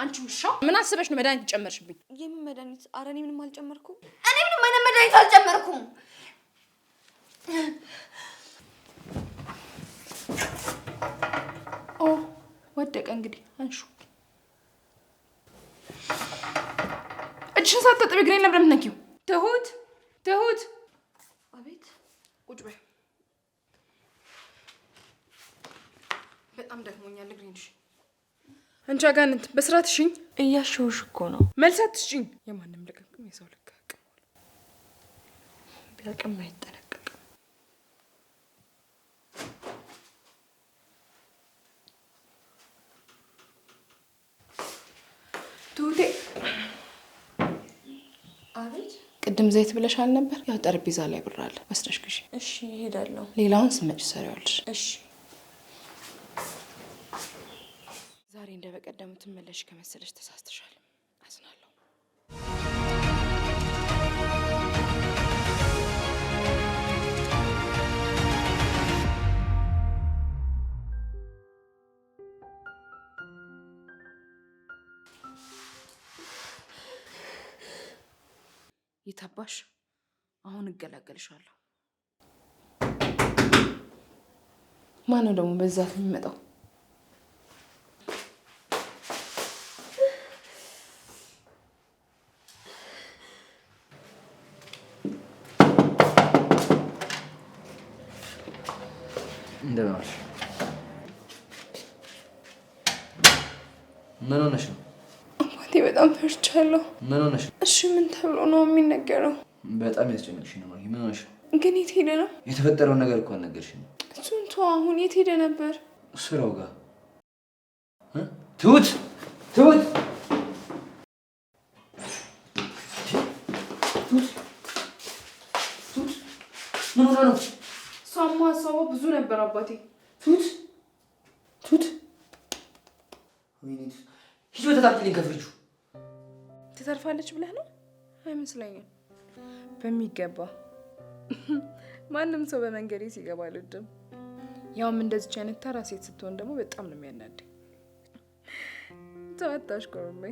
አንቺ ውሻ ምን አስበሽ ነው መድኃኒት ጨመርሽብኝ? የምን መድኃኒት? ኧረ እኔ ምንም አልጨመርኩም። እኔ ምንም አይነት መድኃኒት አልጨመርኩም። ኦ ወደቀ። እንግዲህ አንሹ። እጅሽን ሳትታጠቢ እግሬን ለምን ነኪው? ትሁት ትሁት! አቤት። ቁጭ በይ። በጣም ደክሞኛል። እግሬን እሺ አንቺ አጋንንት በስርዓት ሽኝ እያሸውሽ እኮ ነው። መልሳት ትሽኝ የማንም ልቅም የሰው ልክ አቅም ቢያቅም አይጠነቀቅም። ትሁቴ አቤት። ቅድም ዘይት ብለሻል ነበር። ያው ጠረጴዛ ላይ ብራለ ወስደሽ ግዢ። እሺ ይሄዳለሁ። ሌላውን ስመጭ ሰሪዋለሽ። እሺ የምትመለሽ ከመሰለሽ ተሳስተሻል። አዝናለሁ። ይታባሽ አሁን እገላገልሻለሁ። ማነው ደግሞ በዛት የሚመጣው? ደህና ነሽ? ምን ሆነሽ ነው? አባቴ በጣም ፈርቻለሁ። ምን ሆነሽ ነው? እሺ ምን ተብሎ ነው የሚነገረው? በጣም ያስጨነቅሽ ነው። ምን ሆነሽ ነው? ግን የት ሄደ ነው? የተፈጠረውን ነገር እኮ አልነገርሽም። እሱን ተው። አሁን የት ሄደ ነበር? ስራው ጋር ትሁት ትሁት ምን ሆነ ነው ብዙ ነበር አባቴ። ቱት ቱት ሂጅ በተጣጥልኝ ከፍርጁ ትተርፋለች ብለህ ነው? አይመስለኝም። በሚገባ ማንም ሰው በመንገዴ ሲገባ አልወድም። ያውም እንደዚች አይነት ተራ ሴት ስትሆን ደግሞ በጣም ነው የሚያናደኝ። ተዋታሽ ኮርሜ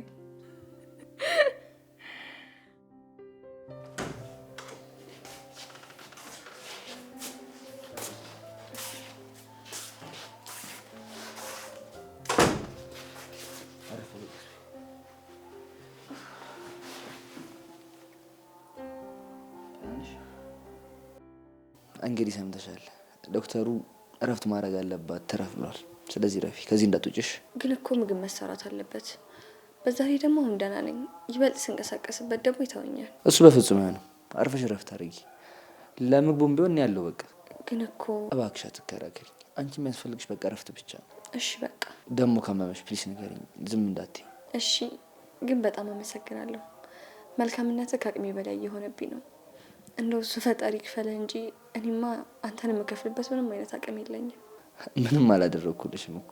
ዶክተሩ እረፍት ማድረግ አለባት ትረፍ ብሏል። ስለዚህ ረፊ ከዚህ እንዳትወጪሽ። ግን እኮ ምግብ መሰራት አለበት። በዛ ላይ ደግሞ አሁን ደህና ነኝ። ይበልጥ ስንቀሳቀስበት ደግሞ ይተውኛል እሱ በፍጹም አይሆንም። አርፈሽ እረፍት አድርጊ። ለምግቡም ቢሆን ያለው በቃ ግን እኮ እባክሽ አትከራከሪ። አንቺ የሚያስፈልግሽ በቃ እረፍት ብቻ። እሺ በቃ ደግሞ ከመመሽ ፕሊስ ንገሪኝ፣ ዝም እንዳት። እሺ ግን በጣም አመሰግናለሁ። መልካምነትህ ከአቅሜ በላይ የሆነብኝ ነው። እንደው እሱ ፈጣሪ ክፈለ እንጂ እኔማ አንተን የምከፍልበት ምንም አይነት አቅም የለኝም። ምንም አላደረግኩልሽም እኮ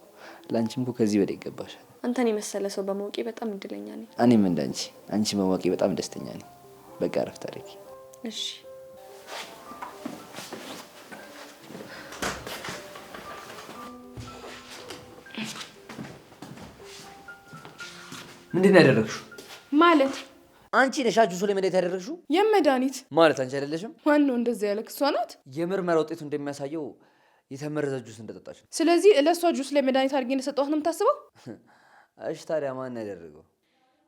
ለአንቺም እኮ ከዚህ በላይ ይገባሻል። አንተን የመሰለ ሰው በማወቄ በጣም እድለኛ ነኝ። እኔም እንደ አንቺ አንቺ በማወቄ በጣም ደስተኛ ነኝ። በቃ ረፍት አድርጊ እሺ። ምንድን ነው ያደረግሽው ማለት አንቺ ነሽ ጁሱ ላይ መድኃኒት ያደረግሽው? የመድኃኒት ማለት አንቺ አይደለሽም። ዋናው እንደዚያ ያለ እሷ ናት። የምርመራ ውጤቱ እንደሚያሳየው የተመረዘ ጁስ እንደጠጣች ስለዚህ ለእሷ ጁስ ላይ መድኃኒት አድርጌ እንደሰጠኋት ነው የምታስበው? እሽ ታዲያ ማን ያደረገው?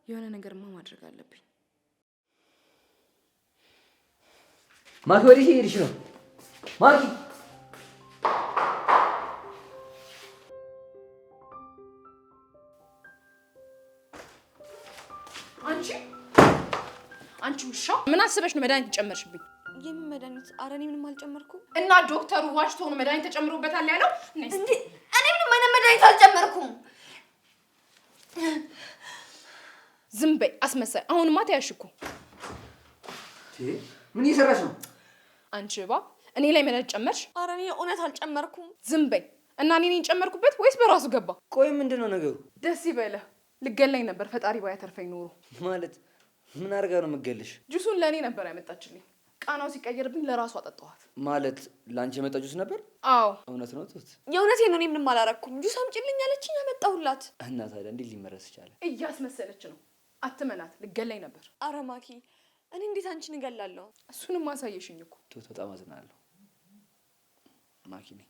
የሆነ ነገርማ ማድረግ አለብኝ። ማኪ ወዴት ሄድሽ ነው ማኪ? ውሻ! ምን አስበሽ ነው መድኃኒት ጨመርሽብኝ? የምን መድኃኒት? ኧረ እኔ ምንም አልጨመርኩም። እና ዶክተሩ ዋሽቶ ነው መድኃኒት ተጨምሮበታል ያለው? እኔ ምንም አይነት መድኃኒት አልጨመርኩም። ዝም በይ አስመሳይ! አሁንማ ተያሽ እኮ። ምን እየሰራሽ ነው አንቺ እባ? እኔ ላይ መድኃኒት ጨመርሽ? ኧረ እኔ እውነት አልጨመርኩም። ዝም በይ እና እኔ ጨመርኩበት ወይስ በራሱ ገባ? ቆይ ምንድን ነው ነገሩ? ደስ ይበለህ። ልገላኝ ነበር ፈጣሪ ባያተርፈኝ ኖሮ ማለት ምን አድርጋ ነው የምገልሽ? ጁሱን ለእኔ ነበር ያመጣችልኝ። ቃናው ሲቀየርብኝ ለራሱ አጠጣኋት። ማለት ለአንቺ የመጣ ጁስ ነበር? አዎ። እውነት ነው ትሁት? የእውነቴ ነው። እኔ ምንም አላረኩም። ጁስ አምጪልኝ አለችኝ፣ ያመጣሁላት። እና ታዲያ እንዴት ሊመረስ ይቻለ? እያስመሰለች ነው። አትመናት፣ ልገላኝ ነበር። አረ ማኪ፣ እኔ እንዴት አንቺን እገላለሁ? እሱንም አሳየሽኝ እኮ ትሁት። በጣም አዝናለሁ ማኪ ነኝ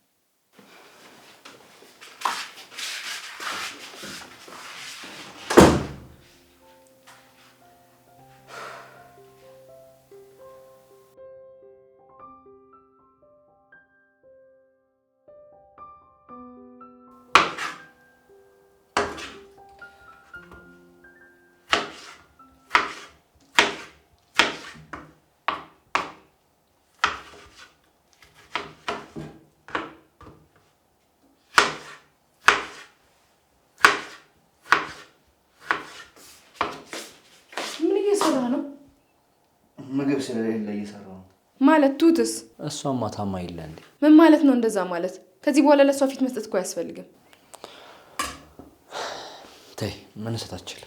ምግብ ስለሌለ እየሰራሁ ነው። ማለት ቱትስ እሷ ማታማ የለ እንዴ? ምን ማለት ነው እንደዛ ማለት? ከዚህ በኋላ ለእሷ ፊት መስጠት እኮ አያስፈልግም። ተይ ምን ሰታችል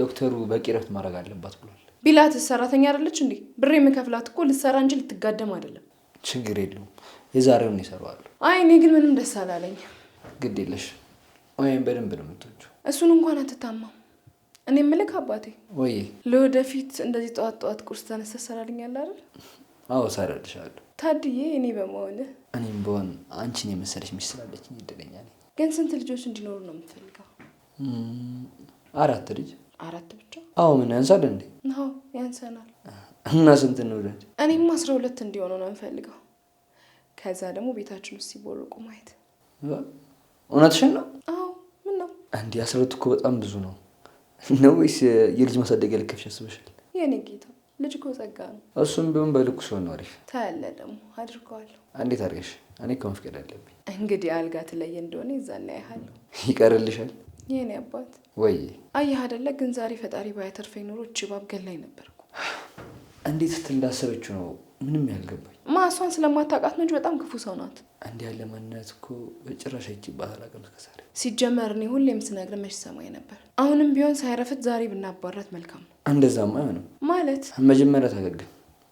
ዶክተሩ በቂ ረፍት ማድረግ አለባት ብሏል። ቢላትስ ሰራተኛ አደለች እንዴ? ብሬ የምከፍላት እኮ ልትሰራ እንጂ ልትጋደም አይደለም። ችግር የለውም የዛሬውን ይሰራዋሉ። አይ እኔ ግን ምንም ደስ አላለኝ። ግድ የለሽ ወይም በደንብ ነው የምትወጪው። እሱን እንኳን አትታማም እኔ የምልህ አባቴ፣ ወይ ለወደፊት እንደዚህ ጠዋት ጠዋት ቁርስ ተነስተህ ትሰራልኛለህ አይደል? አዎ እሰራልሻለሁ። ታድዬ እኔ በመሆን እኔም በሆን አንቺን የመሰለች ሚስት ስላለችኝ እድለኛ ግን ስንት ልጆች እንዲኖሩ ነው የምትፈልገው? አራት ልጅ። አራት ብቻ? አዎ ምን ያንሳል እንዴ? አዎ ያንሰናል። እና ስንት እንውለድ? እኔም አስራ ሁለት እንዲሆኑ ነው የምፈልገው። ከዛ ደግሞ ቤታችን ውስጥ ሲቦርቁ ማየት። እውነትሽን ነው? አዎ ምን ነው እንዲህ አስራ ሁለት እኮ በጣም ብዙ ነው። ነው ወይስ የልጅ ማሳደግ ያልከፍሽ አስበሻል? የኔ ጌታ ልጅ እኮ ጸጋ ነው። እሱም ቢሆን በልኩ ሲሆን ነው አሪፍ። ታያለ ደግሞ አድርገዋለሁ። እንዴት አድርገሽ? እኔ እኮ መፍቀድ አለብኝ። እንግዲህ አልጋ ትለየ እንደሆነ ይዛና ያህል ይቀርልሻል። የኔ አባት ወይ አየህ አይደለ? ግን ዛሬ ፈጣሪ ባያተርፈኝ ኖሮ እቺ ባብ ነበርኩ። እንዴት ስትል እንዳሰበችው ነው ምንም ያልገባኝ ማ እሷን ስለማታውቃት ነው እንጂ በጣም ክፉ ሰው ናት። እንዲህ ያለ ማንነት እኮ በጭራሽ አይችባት አላውቅም እስከ ዛሬ። ሲጀመር እኔ ሁሌም ስነግርህ መች ሰማኝ ነበር። አሁንም ቢሆን ሳይረፍት ዛሬ ብናባረት መልካም ነው። እንደዛማ አይሆንም ማለት መጀመሪያ ታገግም፣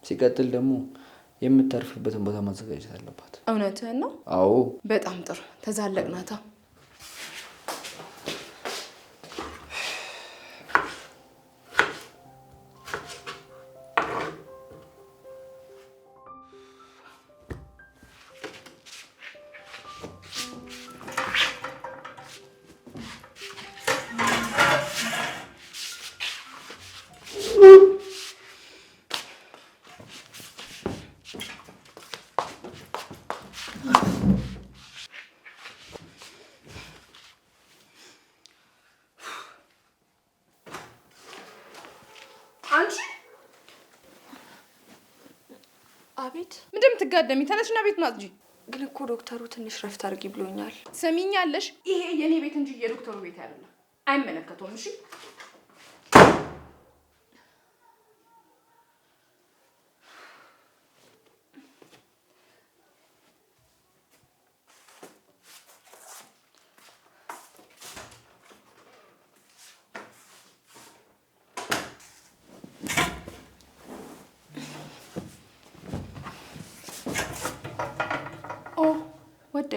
ሲቀጥል ደግሞ የምታርፍበትን ቦታ ማዘጋጀት አለባት። እውነትህን ነው። አዎ በጣም ጥሩ ተዛለቅናታ አቤት። ምንድን ነው የምትጋደሚ? ተነሽና ቤት ናጽጂ። ግን እኮ ዶክተሩ ትንሽ ረፍት አድርጊ ብሎኛል። ሰሚኛለሽ? ይሄ የኔ ቤት እንጂ የዶክተሩ ቤት አይደለም። አይመለከተውም። እሺ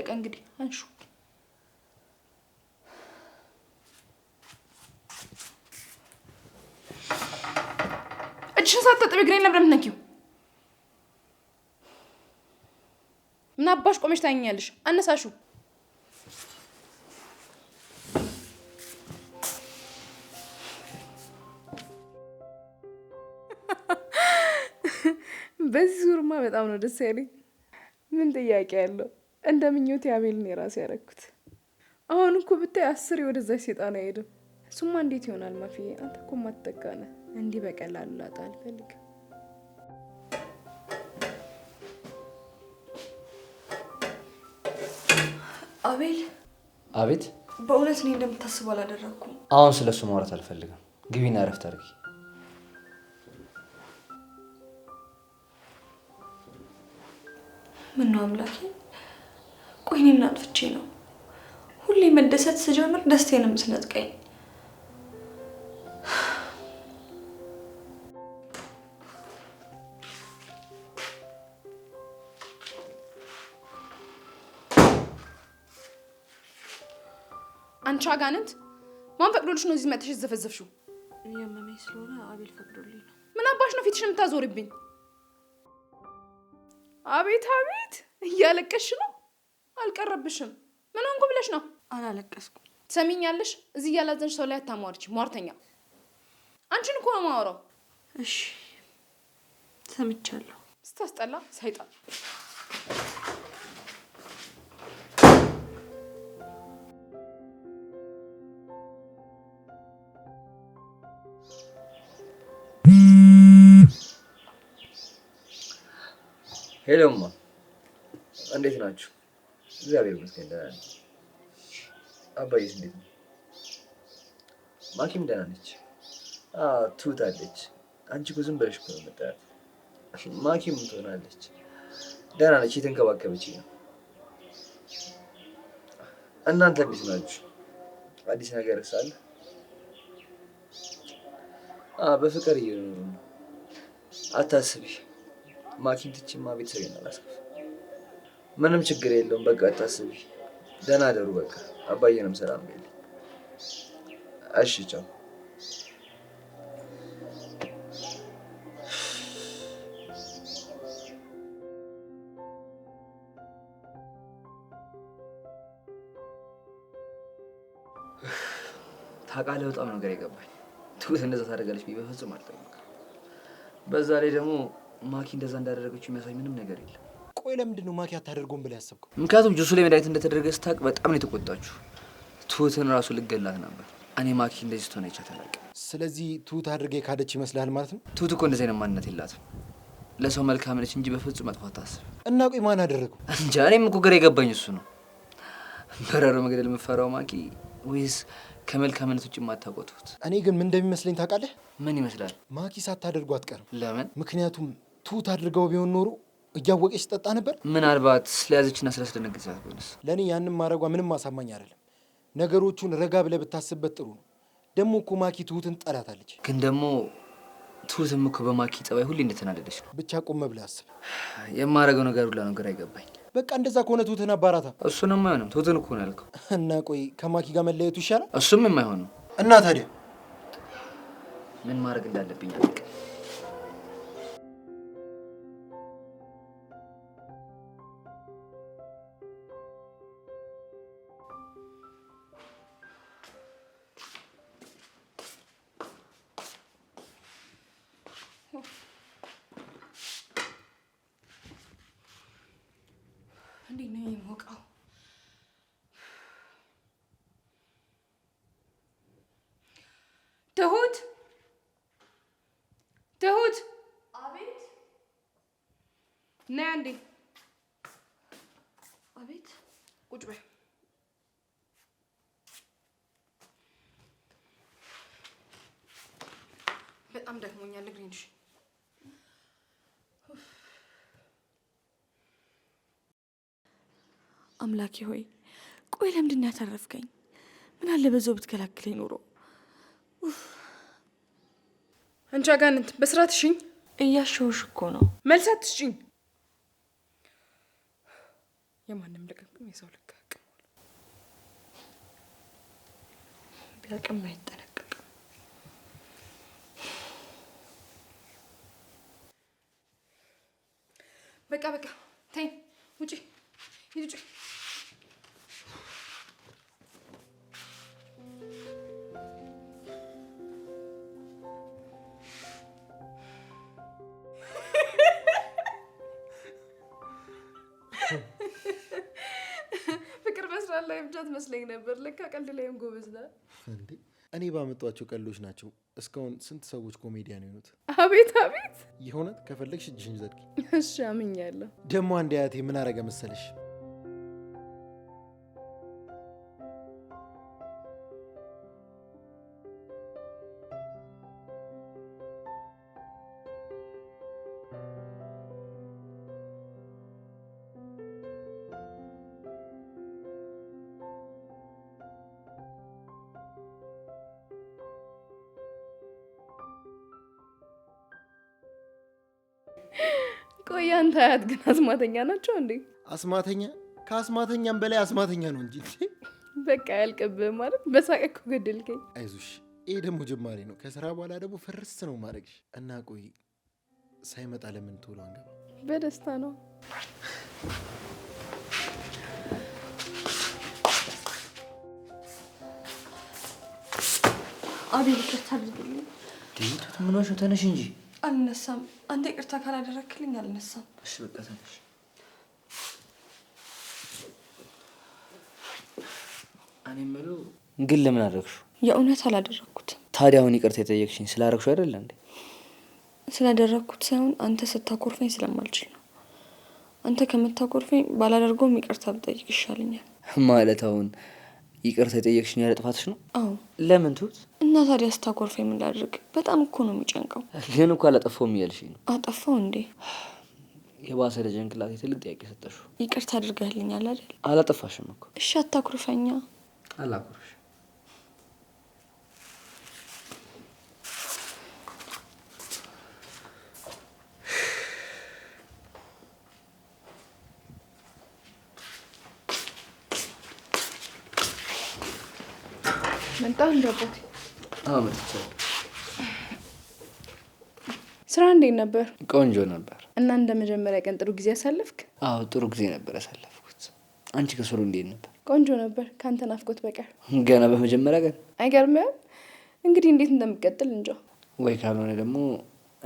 አለቀ እንግዲህ አንሹ። እጅሽን ሳታጥቢ እግሬን ለምን ምትነኪው? ምን አባሽ ቆመሽ ታኛለሽ? አነሳሹ በዚህ ዙርማ በጣም ነው ደስ ያለኝ። ምን ጥያቄ አለው? እንደ ምኞት የአቤልን የራሴ ያረግኩት። አሁን እኮ ብታይ አስር ወደዛች ሴጣን አይሄድም። እሱማ እንዴት ይሆናል ማፍዬ፣ አንተ እኮ ማትጠጋ ነህ። እንዲህ በቀላሉ ላጣ አልፈልግም። አቤል። አቤት። በእውነት እኔ እንደምታስበው አላደረግኩም። አሁን ስለ እሱ ማውራት አልፈልግም። ግቢና እረፍት አድርጊ። ምነው አምላኬ ቆይን እናጥፍቼ ነው። ሁሌ መደሰት ስጀምር ደስቴንም የምትነጥቀኝ አንቺ አጋንንት! ማን ፈቅዶልሽ ነው እዚህ መጥተሽ ዘፈዘፍሽው? እያመመኝ ስለሆነ አቤል ፈቅዶልኝ ነው። ምን አባሽ ነው ፊትሽን የምታዞርብኝ? አቤት አቤት፣ እያለቀሽ ነው አልቀረብሽም። ምን ሆንኩ ብለሽ ነው? አላለቀስኩም። ትሰሚኛለሽ? እዚህ ያላዘንሽ ሰው ላይ አታሟርች። ሟርተኛ አንቺን እኮ ነው የማወራው። እሺ ሰምቻለሁ። ስታስጠላ ሳይጣል ሄሎማ እንዴት ናችሁ? እግዚአብሔር ይመስገን ደህና ነኝ። እንዴት ነው? ማኪም ደህና ነች። ትውታለች አንቺ እኮ ዝም በለሽ እኮ ነው የመጣሁት። ማኪም ትሆናለች። ደህና ነች፣ የተንከባከበች ነው። እናንተ እንዴት ናችሁ? አዲስ ነገር ሳለ በፍቅር እየኖሩ ነው። አታስቢ፣ ማኪም ትችማ ቤተሰብ አላስከፍም ምንም ችግር የለውም። በቃ አታስቢ። ደህና አደሩ። በቃ አባዬንም ሰላም በይልኝ። እሺ ቻው። ታውቃለህ፣ በጣም ነገር የገባኝ ትሁት እንደዛ ታደርጋለች ብዬ በፍጹም አልጠየቅም። በዛ ላይ ደግሞ ማኪ እንደዛ እንዳደረገችው የሚያሳይ ምንም ነገር የለም። ቆይ ለምንድን ነው ማኪያ አታደርገውም ብለህ ያሰብከው? ምክንያቱም ጁሱ ላይ መድኃኒት እንደተደረገ ስታውቅ በጣም ነው የተቆጣችሁ። ትሁትን ራሱ ልገላት ነበር። እኔ ማኪ እንደዚህ ስትሆን አይቻት አላውቅም። ስለዚህ ትሁት አድርገ ካደች ይመስልሃል ማለት ነው? ትሁት እኮ እንደዚህ አይነት ማንነት የላትም። ለሰው መልካም ነች እንጂ በፍጹም መጥፎ አታስብ። እና ቆይ ማን አደረገው? እንጃ። እኔም እኮ ግራ የገባኝ እሱ ነው። በረሮ መግደል የምፈራው ማኪ ወይስ ከመልካምነት ውጭ የማታውቀው ትሁት? እኔ ግን ምን እንደሚመስለኝ ታውቃለህ? ምን ይመስላል? ማኪ ሳታደርጉ አትቀርም። ለምን? ምክንያቱም ትሁት አድርገው ቢሆን ኖሮ እያወቀች ስጠጣ ነበር። ምናልባት ስለያዘችና ስላስደነገዛት ቢሆንስ? ለእኔ ያንን ማድረጓ ምንም ማሳማኝ አይደለም። ነገሮቹን ረጋ ብለህ ብታስብበት ጥሩ ነው። ደግሞ እኮ ማኪ ትሁትን ጠላታለች። ግን ደግሞ ትሁትም እኮ በማኪ ጸባይ ሁሌ እንደተናደደች ነው። ብቻ ቆመ ብለህ አስብ። የማደርገው ነገር ሁላ ነገር አይገባኝ። በቃ እንደዛ ከሆነ ትሁትን አባራታ። እሱንም አይሆንም። ትሁትን እኮ ነው ያልከው። እና ቆይ ከማኪ ጋር መለየቱ ይሻላል። እሱም የማይሆንም። እና ታዲያ ምን ማድረግ እንዳለብኝ አላውቅም። እንዴት ነው የሞቀው? ትሁት ትሁት፣ አቤት። ነይ አንዴ። አቤት። ቁጭ በይ አምላኬ ሆይ ቆይ ለምንድን ያተረፍከኝ? ምን አለ በዛው ብትከላክለኝ ኑሮ። አንቺ አጋንንት በስርዓት ሽኝ። እያሸውሽ እኮ ነው። መልስ አትስጪኝ። የማንም ልቅም የሰው ልክ አቅም ቢያቅም አይጠነቀቅም። በቃ በቃ ተይ ውጪ። ሂዱ ፍቅር በስራ ላይ ብቻ ትመስለኝ ነበር። ለካ ቀልድ ላይም ጎበዝ ናት። እኔ ባመጧቸው ቀልዶች ናቸው እስካሁን ስንት ሰዎች ኮሜዲያን የሆኑት። አቤት አቤት! የእውነት ከፈለግሽ እጅሽን ዘርጊ። እሺ አምኛለሁ። ደግሞ አንድ አያቴ ምን አረገ መሰለሽ ሳያት ግን አስማተኛ ናቸው እንዴ? አስማተኛ ከአስማተኛም በላይ አስማተኛ ነው እንጂ በቃ ያልቅብህ ማለት በሳቅ እኮ ገደልከኝ። አይዞሽ፣ ይህ ደግሞ ጅማሬ ነው። ከስራ በኋላ ደግሞ ፍርስ ነው ማድረግሽ እና ቆይ ሳይመጣ ለምን ቶሎ አንገባ? በደስታ ነው። አቤል ይቅርታ አድርግልኝ። ትንሽ ተነሽ እንጂ አልነሳም። አንተ ቅርታ ካላደረክልኝ አልነሳም። እሺ በቃ ተነሽ። እኔ የምለው ግን ለምን አደረግሹ? የእውነት አላደረግኩትም። ታዲያ አሁን ይቅርታ የጠየቅሽኝ ስላደረግሹ አይደለ እንዴ? ስላደረግኩት ሳይሆን አንተ ስታኮርፈኝ ስለማልችል ነው። አንተ ከምታኮርፈኝ ባላደርገውም ይቅርታ ብጠይቅ ይሻለኛል። ማለት አሁን ይቅርታ የጠየቅሽን ያለ ጥፋትሽ ነው? አዎ። ለምን ትሁት? እና ታዲያ ስታኮርፈኝ ምን ላድርግ? በጣም እኮ ነው የሚጨንቀው። ግን እኮ አላጠፋሁም እያልሽኝ ነው። አጠፋው እንዴ? የባሰ ለጭንቅላቴ ትልቅ ጥያቄ ሰጠሽው። ይቅርታ አድርገህልኛል አይደል? አላጠፋሽም እኮ። እሺ አታኩርፈኛ። አላኩርሽ ስራ እንዴት ነበር? ቆንጆ ነበር። እና እንደ መጀመሪያ ቀን ጥሩ ጊዜ ያሳለፍክ? አዎ ጥሩ ጊዜ ነበር ያሳለፍኩት። አንቺ ከስሩ እንዴት ነበር? ቆንጆ ነበር፣ ከአንተ ናፍቆት በቀር። ገና በመጀመሪያ ቀን አይገርምም? እንግዲህ እንዴት እንደምቀጥል እንጃ። ወይ ካልሆነ ደግሞ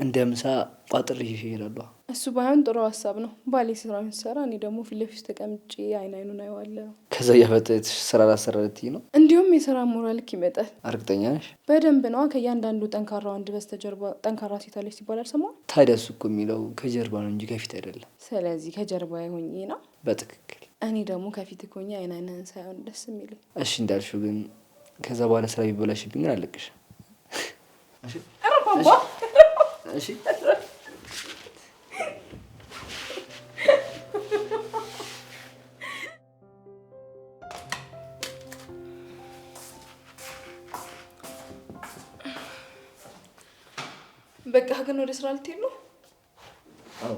እንደ ምሳ ቋጥር ይሄዳሉ እሱ ባይሆን ጥሩ ሀሳብ ነው። ባሌ ስራ ሲሰራ እኔ ደግሞ ፊት ለፊት ተቀምጬ አይን አይኑን አየዋለሁ። ከዛ እያፈጠች ስራ ላሰራ ነው። እንዲሁም የስራ ሞራልክ ይመጣል። እርግጠኛ ነሽ? በደንብ ነዋ። ከእያንዳንዱ ጠንካራ ወንድ በስተጀርባ ጠንካራ ሴት አለች ሲባል አልሰማሁም። ታዲያ እሱ እኮ የሚለው ከጀርባ ነው እንጂ ከፊት አይደለም። ስለዚህ ከጀርባ ሆኜ ነው። በትክክል። እኔ ደግሞ ከፊት ኮኝ አይን አይንህን ሳይሆን ደስ የሚለኝ። እሺ እንዳልሽው ግን ከዛ በኋላ ስራ ቢበላሽብኝ ግን አለቅሽ በቃ ግን ወደ ስራ ልትሄድ ነው? አዎ።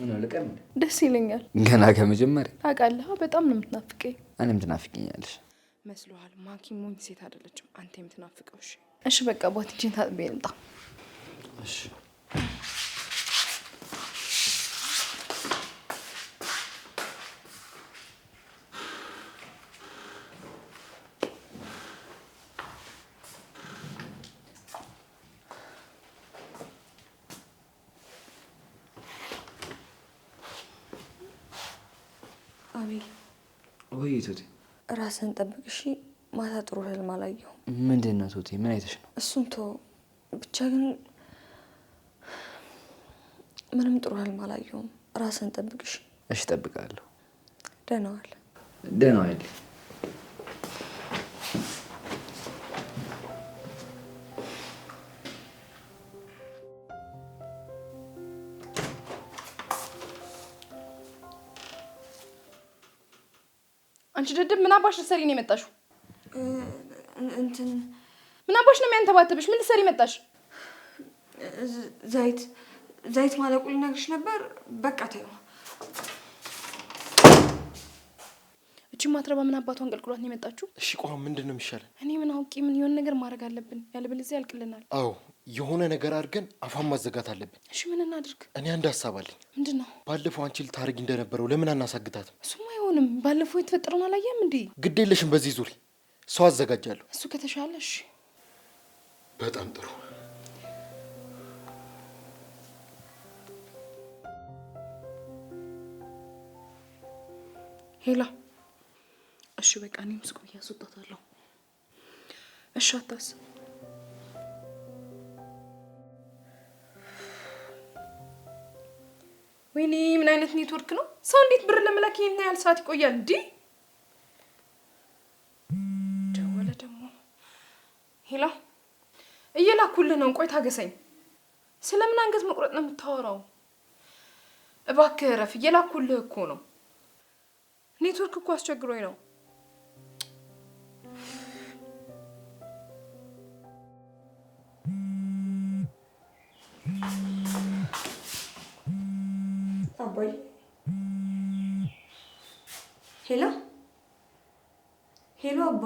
ምን አለቀም? ደስ ይለኛል። ገና ከመጀመሪያ ታውቃለህ፣ በጣም ነው የምትናፍቀኝ። እኔም ትናፍቀኛለሽ መስሎሃል? ማኪ ሞኝ ሴት አይደለችም። አንተ የምትናፍቀው። እሺ፣ በቃ ቦትጄን ታጥቤ ልምጣ። እሺ ጠብቅ እሺ፣ ማታ ጥሩ ህልም አላየሁ? ምንድን ነው ቶቴ? ምን አይተሽ ነው? እሱን ቶ ብቻ ግን ምንም ጥሩ ህልም አላየሁም። ራስን ጠብቅ እሺ። እሺ፣ እጠብቃለሁ። ደህና ዋል። ደህና ዋል። ድድብ ምን አባሽ ልትሰሪ ነው የመጣሽው? እንትን ምን አባሽ ነው የሚያንተባተብሽ? ምን ልትሰሪ መጣሽ? ዘይት ዘይት ማለቁ ልነግርሽ ነበር። በቃ ተይው። እቺ ማትረባ ምን አባቷ አንቀልቅሏት ነው የመጣችው? እሺ ቆይ ምንድን ነው የሚሻለን? እኔ ምን አውቄ ምን የሆነ ነገር ማድረግ አለብን፣ ያለበለዚያ ያልቅልናል። አዎ የሆነ ነገር አድርገን አፏን ማዘጋት አለብን። እሺ ምን እናድርግ? እኔ አንድ ሀሳብ አለኝ። ምንድን ነው? ባለፈው አንቺ ልታደርጊ እንደነበረው ለምን አናሳግታትም? እሱም አይሆንም። ባለፈው የተፈጠረውን አላየም እንዴ? ግድ የለሽም። በዚህ ዙሪ ሰው አዘጋጃለሁ። እሱ ከተሻለ እሺ። በጣም ጥሩ። ሄላ፣ እሺ በቃ እኔም ስቆያ አስወጣታለሁ። እሺ አታስብ ወይኔ ምን አይነት ኔትወርክ ነው? ሰው እንዴት ብር ለመላክ ይሄን ያህል ሰዓት ይቆያል? እንዲህ ደወለ ደግሞ። ሄሎ እየላኩልህ ነው። ቆይ ታገሰኝ። ስለምን አንገት መቁረጥ ነው የምታወራው? እባክህ እረፍ። እየላኩልህ እኮ ነው። ኔትወርክ እኮ አስቸግሮኝ ነው። ቆይ ሄሎ ሄሎ፣ አባ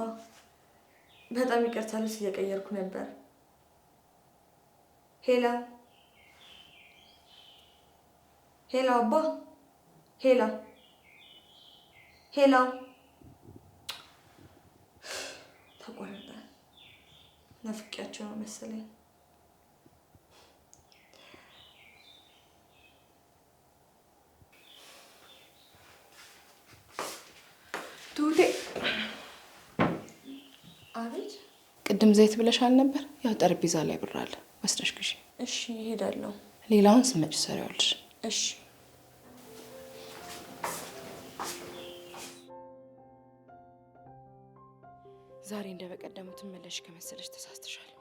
በጣም ይቅርታ፣ ልብስ እየቀየርኩ ነበር። ሄላ ሄላ፣ አባ ሄላ ሄላ፣ ተቆረጠ። ናፍቄያቸው ነው መሰለኝ። አቤት። ቅድም ዘይት ብለሻል ነበር? ያው ጠረጴዛ ላይ ብር አለ፣ ወስደሽ ግዢ። እሺ፣ ይሄዳለሁ። ሌላውን ስመጭ ሰሪዋለሽ። እሺ ዛሬ እንደ በቀደሙት መለሽ ከመሰለሽ ተሳስተሻል።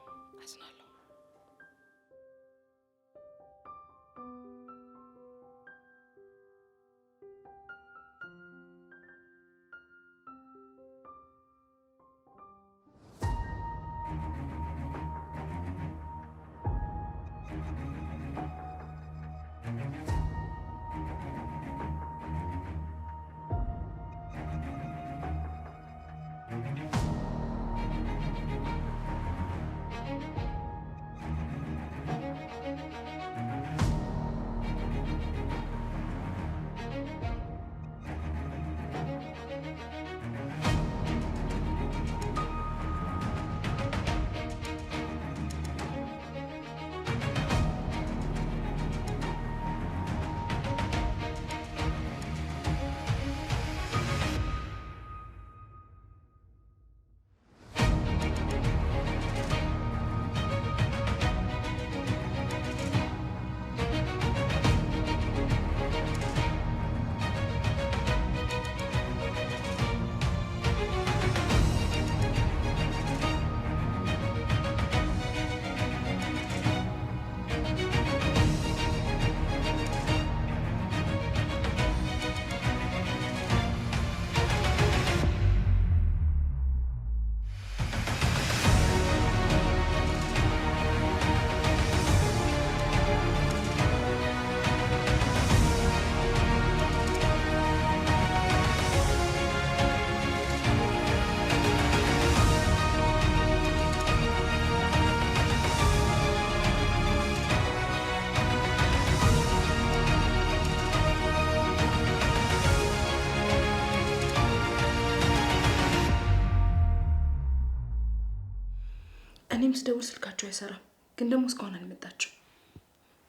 እኔም ስደውል ስልካቸው አይሰራም። ግን ደግሞ እስካሁን አልመጣቸው።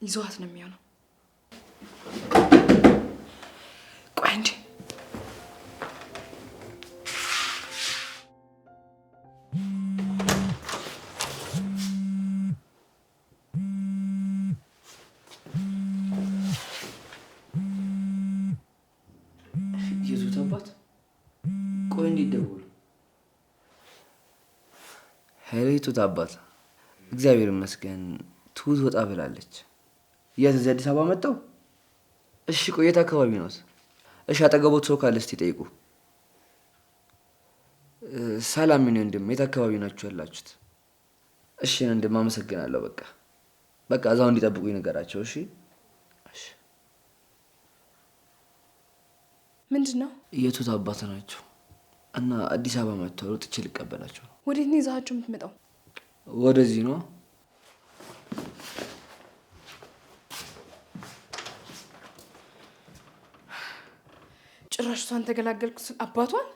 ይዘዋት ነው የሚሆነው። ቆይ እንዴ የቱት አባት እግዚአብሔር ይመስገን ትሁት ወጣ ብላለች። የት? እዚህ አዲስ አበባ መጣው። እሺ ቆየት አካባቢ ነዎት? እሺ አጠገቦት ሰው ካለ እስቲ ጠይቁ። ሰላም ኔ ወንድም፣ የት አካባቢ ናችሁ ያላችሁት? እሺ ወንድም አመሰግናለሁ። በቃ በቃ እዛው እንዲጠብቁ ነገራቸው። እሺ ምንድን ነው? የቱት አባት ናቸው እና አዲስ አበባ መጥተው ሮጥቼ ልቀበላቸው ነው። ወዴት ነው የምትመጣው? ወደዚህ ነው። ጭራሽ እሷን ተገላገልኩ ስል አባቷን